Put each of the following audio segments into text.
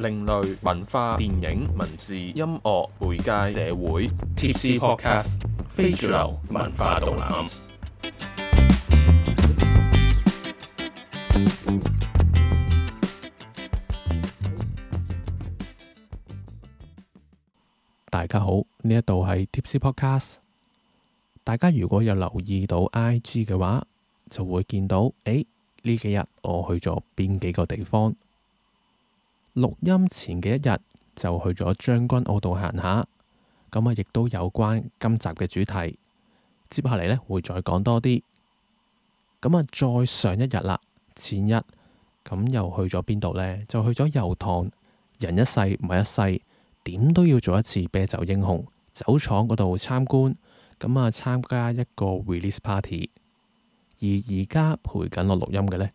另類文化、電影、文字、音樂樂、媒介説、社會，Tipsy Podcast，非主流文化導覽。大家好，呢一度係 Tipsy Podcast。大家如果有留意到 IG 嘅話，就會見到，誒，呢幾日我去咗邊幾個地方。錄音前嘅一日就去咗將軍澳度行下，咁啊，亦都有關今集嘅主題。接下嚟，呢會再講多啲，咁啊，再上一日啦，前日咁又去咗邊度呢？就去咗油塘。人一世物一世，點都要做一次啤酒英雄。酒廠嗰度參觀，咁啊，參加一個 release party。而而家陪緊我錄音嘅呢，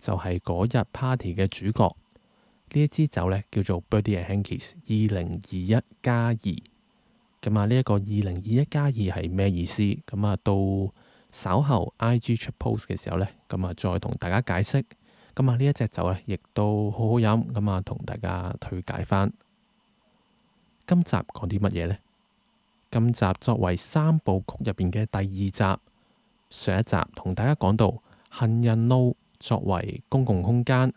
就係嗰日 party 嘅主角。一呢一支酒咧叫做 Birdy Hanks 二零二一加二，咁啊呢一個二零二一加二係咩意思？咁、嗯、啊到稍後 IG 出 post 嘅時候咧，咁、嗯、啊再同大家解釋。咁、嗯、啊呢一隻酒咧，亦都好好飲。咁啊同大家推介翻。今集講啲乜嘢呢？今集作為三部曲入邊嘅第二集，上一集同大家講到，行人路作為公共空間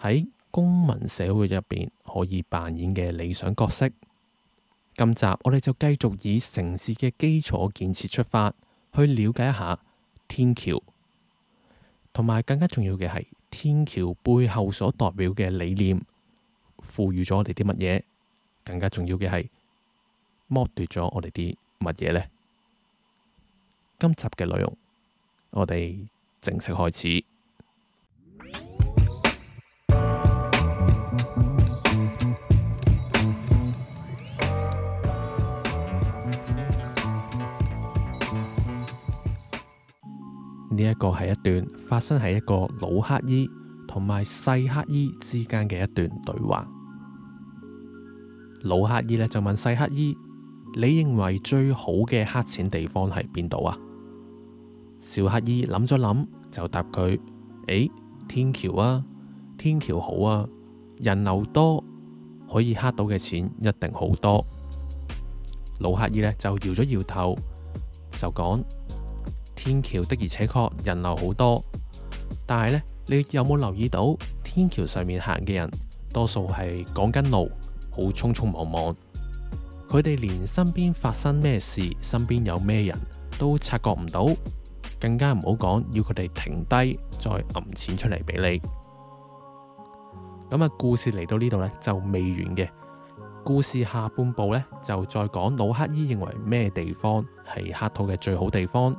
喺。公民社會入邊可以扮演嘅理想角色。今集我哋就繼續以城市嘅基礎建設出發，去了解一下天橋，同埋更加重要嘅係天橋背後所代表嘅理念，賦予咗我哋啲乜嘢？更加重要嘅係剝奪咗我哋啲乜嘢呢？今集嘅內容，我哋正式開始。呢一個係一段發生喺一個老乞兒同埋細乞兒之間嘅一段對話。老乞兒呢就問細乞兒，你認為最好嘅乞錢地方係邊度啊？小乞兒諗咗諗，就答佢，誒、哎，天橋啊，天橋好啊，人流多，可以乞到嘅錢一定好多。老乞兒呢就搖咗搖頭，就講。天橋的而且確人流好多，但係呢，你有冇留意到天橋上面行嘅人，多數係講緊路，好匆匆忙忙。佢哋連身邊發生咩事，身邊有咩人都察覺唔到，更加唔好講要佢哋停低再揞錢出嚟俾你。咁啊，故事嚟到呢度呢，就未完嘅，故事下半部呢，就再講老乞衣認為咩地方係乞討嘅最好地方。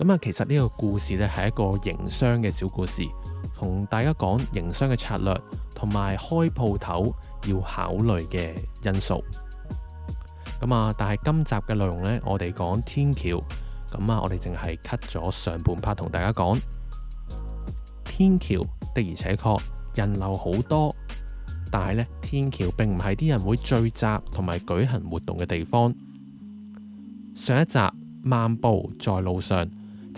咁啊，其實呢個故事呢係一個營商嘅小故事，同大家講營商嘅策略，同埋開鋪頭要考慮嘅因素。咁啊，但係今集嘅內容呢，我哋講天橋。咁啊，我哋淨係 cut 咗上半 part 同大家講天橋的而且確人流好多，但係呢，天橋並唔係啲人會聚集同埋舉行活動嘅地方。上一集，漫步在路上，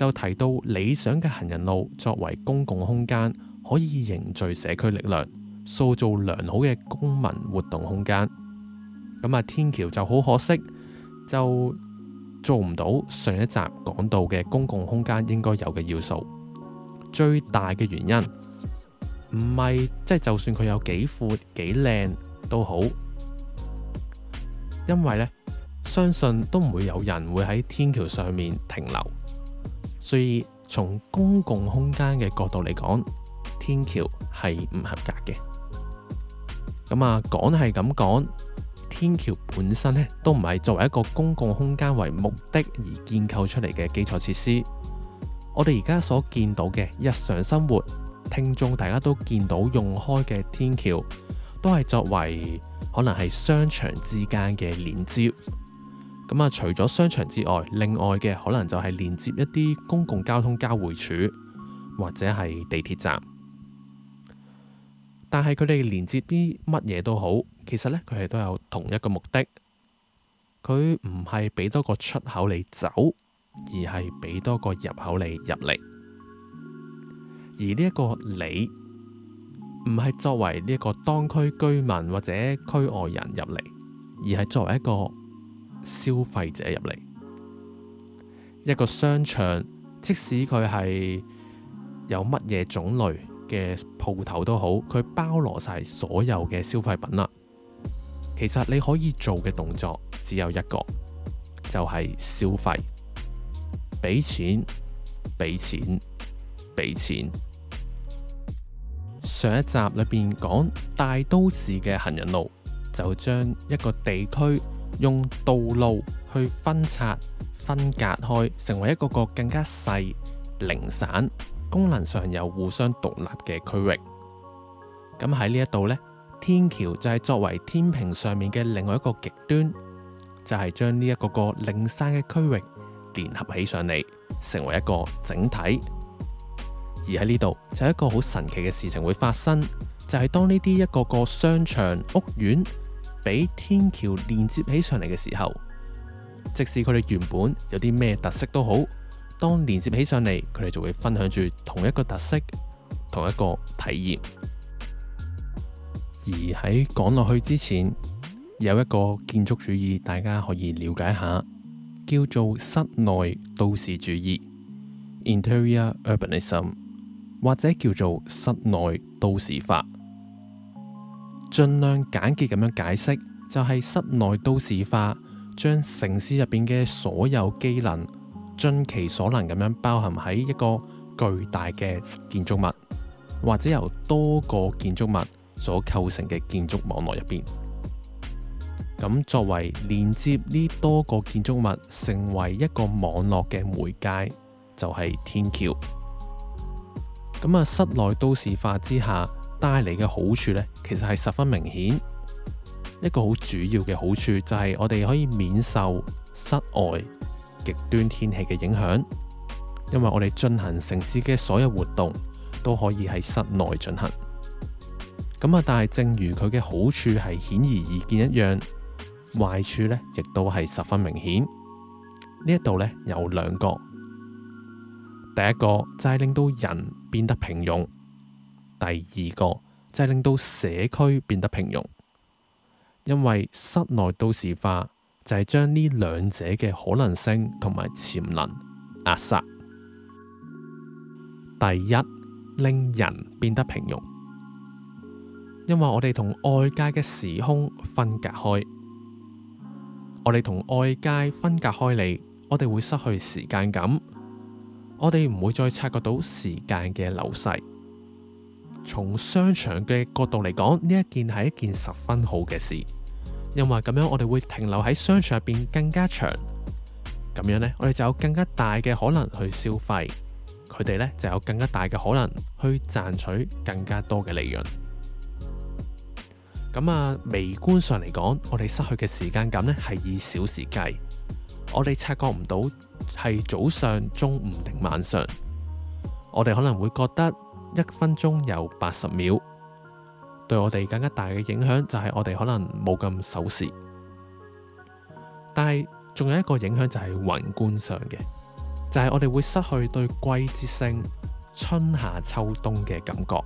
就提到理想嘅行人路作為公共空間，可以凝聚社區力量，塑造良好嘅公民活動空間。咁啊，天橋就好可惜，就做唔到上一集講到嘅公共空間應該有嘅要素。最大嘅原因唔係即係，就算佢有幾闊幾靚都好，因為咧，相信都唔會有人會喺天橋上面停留。所以，從公共空間嘅角度嚟講，天橋係唔合格嘅。咁啊，講係咁講，天橋本身呢都唔係作為一個公共空間為目的而建構出嚟嘅基礎設施。我哋而家所見到嘅日常生活，聽眾大家都見到用開嘅天橋，都係作為可能係商場之間嘅連接。咁啊、嗯，除咗商場之外，另外嘅可能就係連接一啲公共交通交匯處或者係地鐵站。但係佢哋連接啲乜嘢都好，其實呢，佢哋都有同一個目的。佢唔係俾多個出口你走，而係俾多個入口你入嚟。而呢、這、一個你，唔係作為呢一個當區居民或者區外人入嚟，而係作為一個消費者入嚟，一個商場，即使佢係有乜嘢種類嘅鋪頭都好，佢包羅晒所有嘅消費品啦。其實你可以做嘅動作只有一個，就係消費，俾錢，俾錢，俾錢。上一集裏面講大都市嘅行人路，就將一個地區，用道路去分拆、分隔開，成為一個個更加細、零散、功能上又互相獨立嘅區域。咁喺呢一度呢，天橋就係作為天平上面嘅另外一個極端，就係、是、將呢一個個零散嘅區域聯合起上嚟，成為一個整體。而喺呢度就有、是、一個好神奇嘅事情會發生，就係、是、當呢啲一個個商場、屋苑。俾天橋連接起上嚟嘅時候，即使佢哋原本有啲咩特色都好，當連接起上嚟，佢哋就會分享住同一個特色、同一個體驗。而喺講落去之前，有一個建築主義大家可以了解下，叫做室內都市主義 （Interior Urbanism），或者叫做室內都市化。盡量簡潔咁樣解釋，就係室內都市化，將城市入邊嘅所有機能，盡其所能咁樣包含喺一個巨大嘅建築物，或者由多個建築物所構成嘅建築網絡入邊。咁作為連接呢多個建築物成為一個網絡嘅媒介，就係天橋。咁啊，室內都市化之下。帶嚟嘅好處呢，其實係十分明顯，一個好主要嘅好處就係我哋可以免受室外極端天氣嘅影響，因為我哋進行城市嘅所有活動都可以喺室內進行。咁啊，但係正如佢嘅好處係顯而易見一樣，壞處呢亦都係十分明顯。呢一度呢，有兩個，第一個就係、是、令到人變得平庸。第二個就係、是、令到社區變得平庸，因為室內都市化就係、是、將呢兩者嘅可能性同埋潛能扼殺。第一，令人變得平庸，因為我哋同外界嘅時空分隔開，我哋同外界分隔開嚟，我哋會失去時間感，我哋唔會再察覺到時間嘅流逝。從商場嘅角度嚟講，呢一件係一件十分好嘅事，因為咁樣我哋會停留喺商場入邊更加長，咁樣呢，我哋就有更加大嘅可能去消費，佢哋呢就有更加大嘅可能去賺取更加多嘅利潤。咁啊，微觀上嚟講，我哋失去嘅時間感呢係以小時計，我哋察覺唔到係早上、中午定晚上，我哋可能會覺得。一分鐘有八十秒，對我哋更加大嘅影響就係我哋可能冇咁守時。但係仲有一個影響就係宏觀上嘅，就係、是、我哋會失去對季節性春夏秋冬嘅感覺。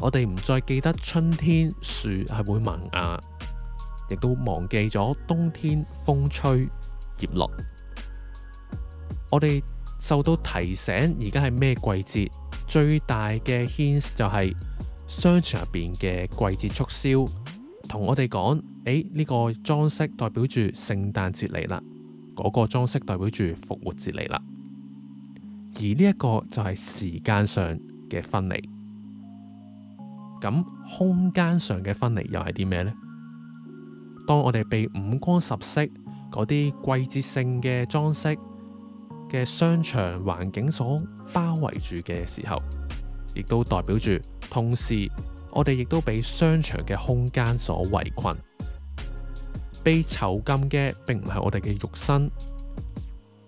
我哋唔再記得春天樹係會萌芽，亦都忘記咗冬天風吹葉落。我哋。受到提醒，而家係咩季節？最大嘅 hint 就係商場入邊嘅季節促銷，同我哋講：，誒、哎，呢、這個裝飾代表住聖誕節嚟啦，嗰、那個裝飾代表住復活節嚟啦。而呢一個就係時間上嘅分離。咁空間上嘅分離又係啲咩呢？當我哋被五光十色嗰啲季節性嘅裝飾。嘅商場環境所包圍住嘅時候，亦都代表住，同時，我哋亦都被商場嘅空間所圍困。被囚禁嘅並唔係我哋嘅肉身，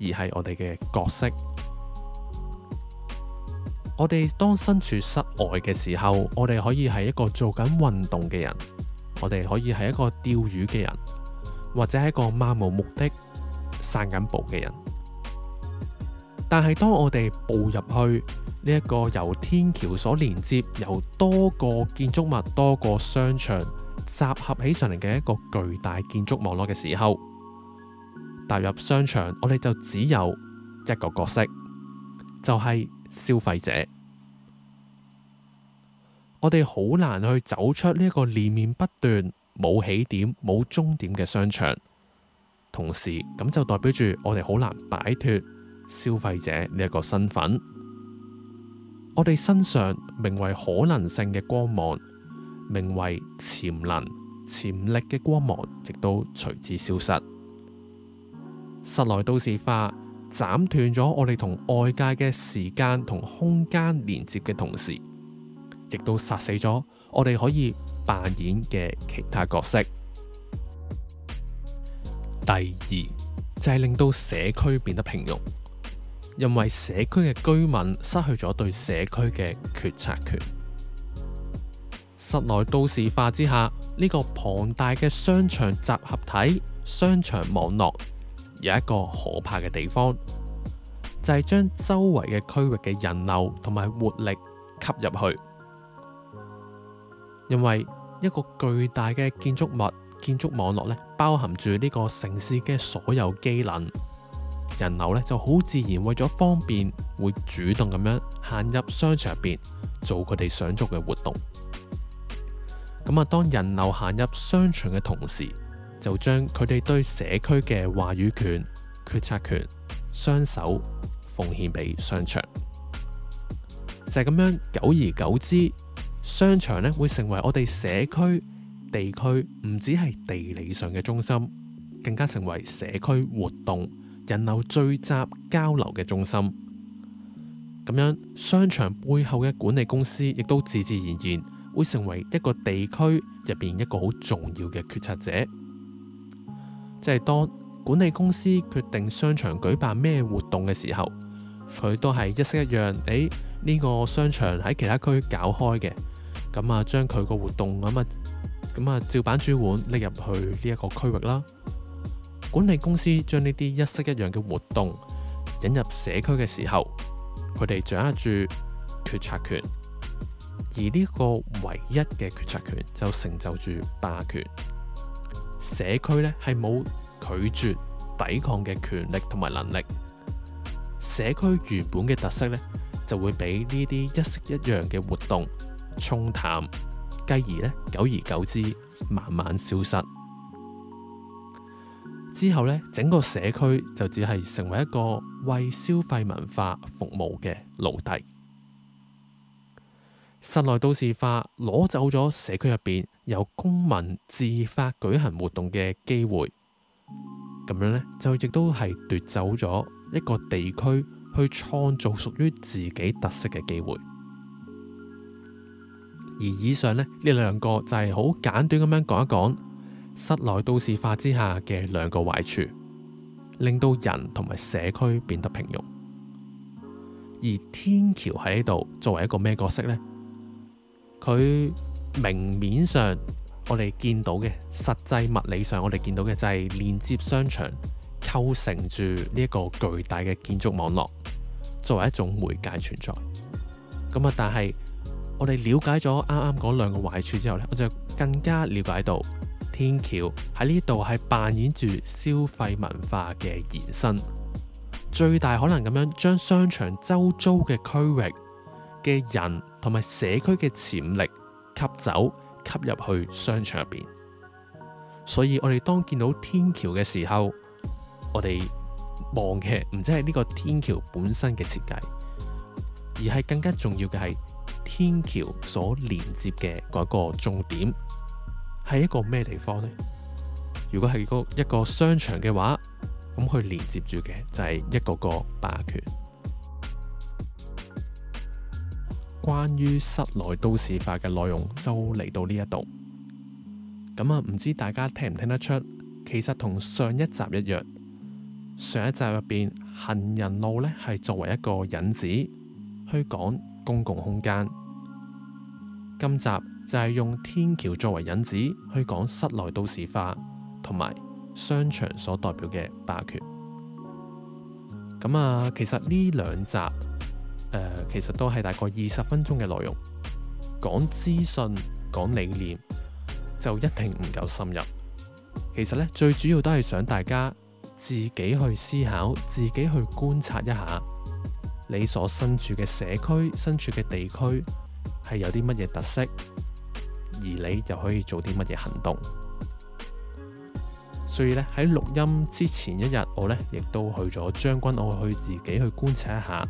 而係我哋嘅角色。我哋當身處室外嘅時候，我哋可以係一個做緊運動嘅人，我哋可以係一個釣魚嘅人，或者係一個漫無目的散緊步嘅人。但係，當我哋步入去呢一個由天橋所連接、由多個建築物、多個商場集合起上嚟嘅一個巨大建築網絡嘅時候，踏入商場，我哋就只有一個角色，就係消費者。我哋好難去走出呢個連綿不斷、冇起點、冇終點嘅商場。同時，咁就代表住我哋好難擺脫。消費者呢一個身份，我哋身上名為可能性嘅光芒，名為潛能、潛力嘅光芒，亦都隨之消失。室內都市化，斬斷咗我哋同外界嘅時間同空間連接嘅同時，亦都殺死咗我哋可以扮演嘅其他角色。第二就係令到社區變得平庸。因為社區嘅居民失去咗對社區嘅決策權，室內都市化之下，呢個龐大嘅商場集合體、商場網絡有一個可怕嘅地方，就係將周圍嘅區域嘅人流同埋活力吸入去。因為一個巨大嘅建築物、建築網絡咧，包含住呢個城市嘅所有機能。人流咧就好自然，為咗方便，會主動咁樣行入商場入邊做佢哋想做嘅活動。咁啊，當人流行入商場嘅同時，就將佢哋對社區嘅話語權、決策權、雙手奉獻俾商場，就係咁樣。久而久之，商場咧會成為我哋社區地區唔止係地理上嘅中心，更加成為社區活動。人流聚集、交流嘅中心，咁樣商場背後嘅管理公司亦都自自然然會成為一個地區入邊一個好重要嘅決策者。即係當管理公司決定商場舉辦咩活動嘅時候，佢都係一式一樣。誒、哎、呢、這個商場喺其他區搞開嘅，咁啊，將佢個活動咁啊，咁啊，照板煮碗拎入去呢一個區域啦。管理公司將呢啲一式一樣嘅活動引入社區嘅時候，佢哋掌握住決策權，而呢個唯一嘅決策權就成就住霸權。社區呢係冇拒絕抵抗嘅權力同埋能力，社區原本嘅特色呢，就會俾呢啲一式一樣嘅活動沖淡，繼而呢久而久之慢慢消失。之後呢，整個社區就只係成為一個為消費文化服務嘅奴隸。室內都市化攞走咗社區入邊由公民自發舉行活動嘅機會，咁樣呢，就亦都係奪走咗一個地區去創造屬於自己特色嘅機會。而以上呢，呢兩個就係好簡短咁樣講一講。室內都市化之下嘅兩個壞處，令到人同埋社區變得平庸。而天橋喺呢度作為一個咩角色呢？佢明面上我哋見到嘅，實際物理上我哋見到嘅就係連接商場，構成住呢一個巨大嘅建築網絡，作為一種媒介存在。咁啊，但係我哋了解咗啱啱嗰兩個壞處之後呢，我就更加了解到。天橋喺呢度係扮演住消費文化嘅延伸，最大可能咁樣將商場周遭嘅區域嘅人同埋社區嘅潛力吸走、吸入去商場入邊。所以我哋當見到天橋嘅時候，我哋望嘅唔止係呢個天橋本身嘅設計，而係更加重要嘅係天橋所連接嘅嗰個重點。係一個咩地方呢？如果係一個商場嘅話，咁佢連接住嘅就係一個個霸權。關於室內都市化嘅內容就，就嚟到呢一度。咁啊，唔知大家聽唔聽得出？其實同上一集一樣，上一集入邊行人路呢係作為一個引子，去講公共空間。今集，就係用天橋作為引子去講室內都市化同埋商場所代表嘅霸權。咁啊，其實呢兩集、呃、其實都係大概二十分鐘嘅內容，講資訊，講資訊、講理念就一定唔夠深入。其實呢，最主要都係想大家自己去思考，自己去觀察一下你所身處嘅社區、身處嘅地區係有啲乜嘢特色。而你又可以做啲乜嘢行動，所以咧喺錄音之前一日，我呢亦都去咗將軍澳去自己去觀察一下，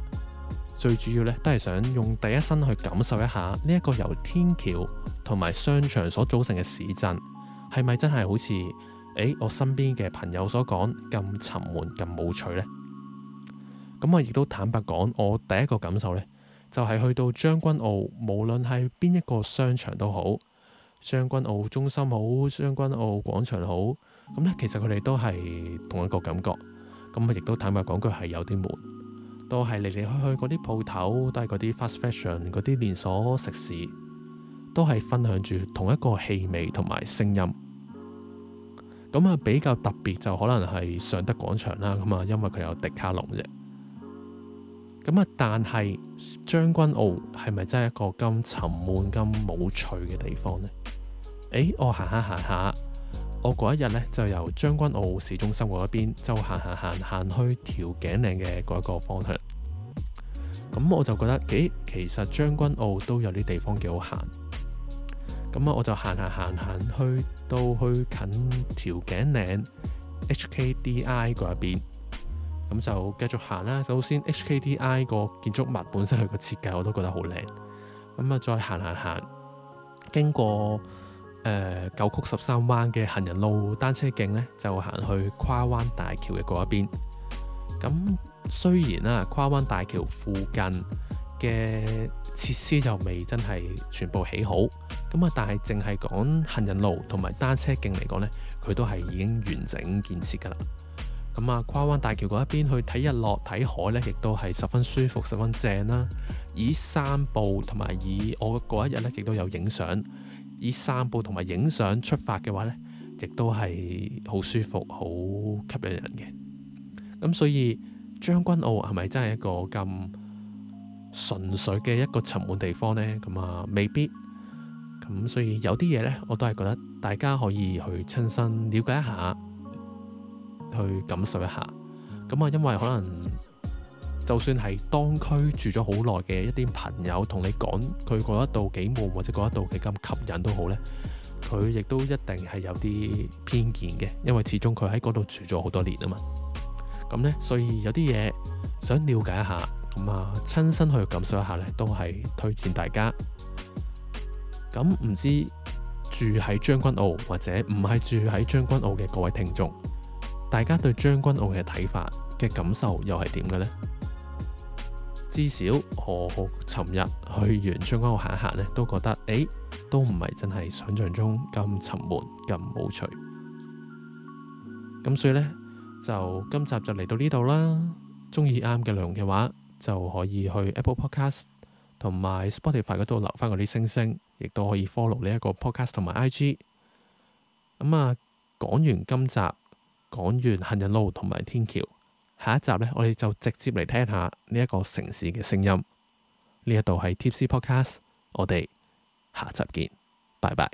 最主要呢，都係想用第一身去感受一下呢一個由天橋同埋商場所組成嘅市鎮，係咪真係好似誒、欸、我身邊嘅朋友所講咁沉悶、咁無趣呢？咁我亦都坦白講，我第一個感受呢，就係、是、去到將軍澳，無論係邊一個商場都好。將軍澳中心好，將軍澳廣場好，咁咧，其實佢哋都係同一個感覺，咁啊，亦都坦白講句係有啲悶，都係嚟嚟去去嗰啲鋪頭，都係嗰啲 fast fashion，嗰啲連鎖食肆，都係分享住同一個氣味同埋聲音。咁啊，比較特別就可能係尚德廣場啦，咁啊，因為佢有迪卡龍啫。咁啊，但係將軍澳係咪真係一個咁沉悶、咁冇趣嘅地方呢？誒，我行下行下，我嗰一日咧，就由將軍澳市中心嗰一邊，就行行行行去調景嶺嘅嗰一個方向。咁我就覺得，咦，其實將軍澳都有啲地方幾好行。咁啊，我就行行行行去到去近調景嶺 HKDI 嗰一邊，咁就繼續行啦。首先 HKDI 個建築物本身佢個設計我都覺得好靚。咁啊，再行行行，經過。誒，九、呃、曲十三彎嘅行人路單車徑呢，就行去跨灣大橋嘅嗰一邊。咁雖然啦、啊，跨灣大橋附近嘅設施就未真係全部起好，咁啊，但係淨係講行人路同埋單車徑嚟講呢佢都係已經完整建設噶啦。咁啊，跨灣大橋嗰一邊去睇日落睇海呢，亦都係十分舒服、十分正啦。以散步同埋以,以我嗰一日呢，亦都有影相。以散步同埋影相出發嘅話呢，亦都係好舒服、好吸引人嘅。咁所以將軍澳係咪真係一個咁純粹嘅一個沉悶地方呢？咁啊未必。咁所以有啲嘢呢，我都係覺得大家可以去親身了解一下，去感受一下。咁啊，因為可能。就算係當區住咗好耐嘅一啲朋友同你講，佢覺得到幾悶，或者覺得到幾咁吸引都好呢，佢亦都一定係有啲偏見嘅，因為始終佢喺嗰度住咗好多年啊嘛。咁呢，所以有啲嘢想了解一下，咁啊，親身去感受一下呢，都係推薦大家。咁唔知住喺將軍澳或者唔係住喺將軍澳嘅各位聽眾，大家對將軍澳嘅睇法嘅感受又係點嘅呢？至少我尋日去完將軍澳行一行都覺得誒、欸、都唔係真係想像中咁沉悶、咁冇趣。咁所以呢，就今集就嚟到呢度啦。中意啱嘅內容嘅話，就可以去 Apple Podcast 同埋 Spotify 嗰度留翻嗰啲星星，亦都可以 follow 呢一個 podcast 同埋 IG。咁啊，講完今集，講完行人路同埋天橋。下一集呢，我哋就直接嚟聽下呢一個城市嘅聲音。呢一度係 Tipsy Podcast，我哋下集見，拜拜。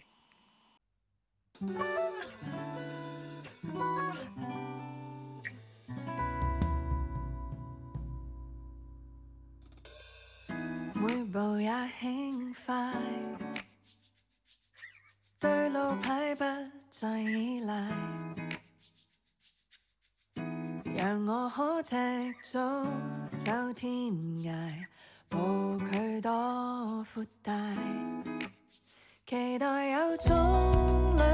每步也輕快，對路牌不再依賴。讓我可赤足走，走天涯，無懼多闊大，期待有種。